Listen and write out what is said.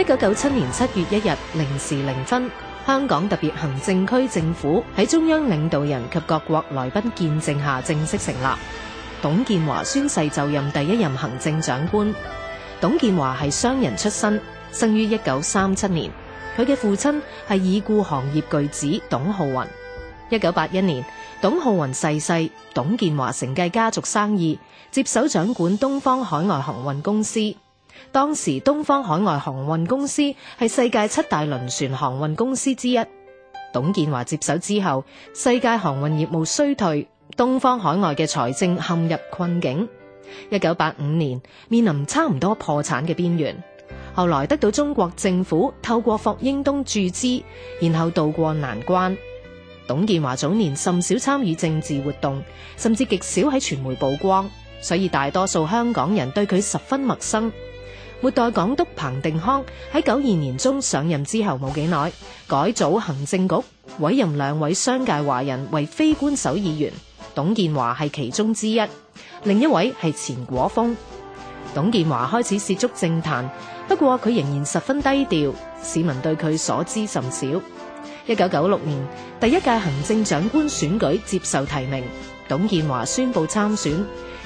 一九九七年七月一日零時零分，香港特別行政區政府喺中央領導人及各國來賓見證下正式成立。董建華宣誓就任第一任行政長官。董建華係商人出身，生於一九三七年，佢嘅父親係已故行業巨子董浩雲。一九八一年，董浩雲逝世，董建華承繼家族生意，接手掌管東方海外航運公司。當時東方海外航運公司係世界七大輪船航運公司之一。董建華接手之後，世界航運業務衰退，東方海外嘅財政陷入困境。一九八五年面臨差唔多破產嘅邊緣，後來得到中國政府透過霍英東注資，然後渡過難關。董建華早年甚少參與政治活動，甚至極少喺傳媒曝光，所以大多數香港人對佢十分陌生。末代港督彭定康喺九二年中上任之後冇幾耐，改組行政局，委任兩位商界華人為非官守議員，董建華係其中之一，另一位係錢果豐。董建華開始涉足政壇，不過佢仍然十分低調，市民對佢所知甚少。一九九六年第一屆行政長官選舉接受提名，董建華宣佈參選。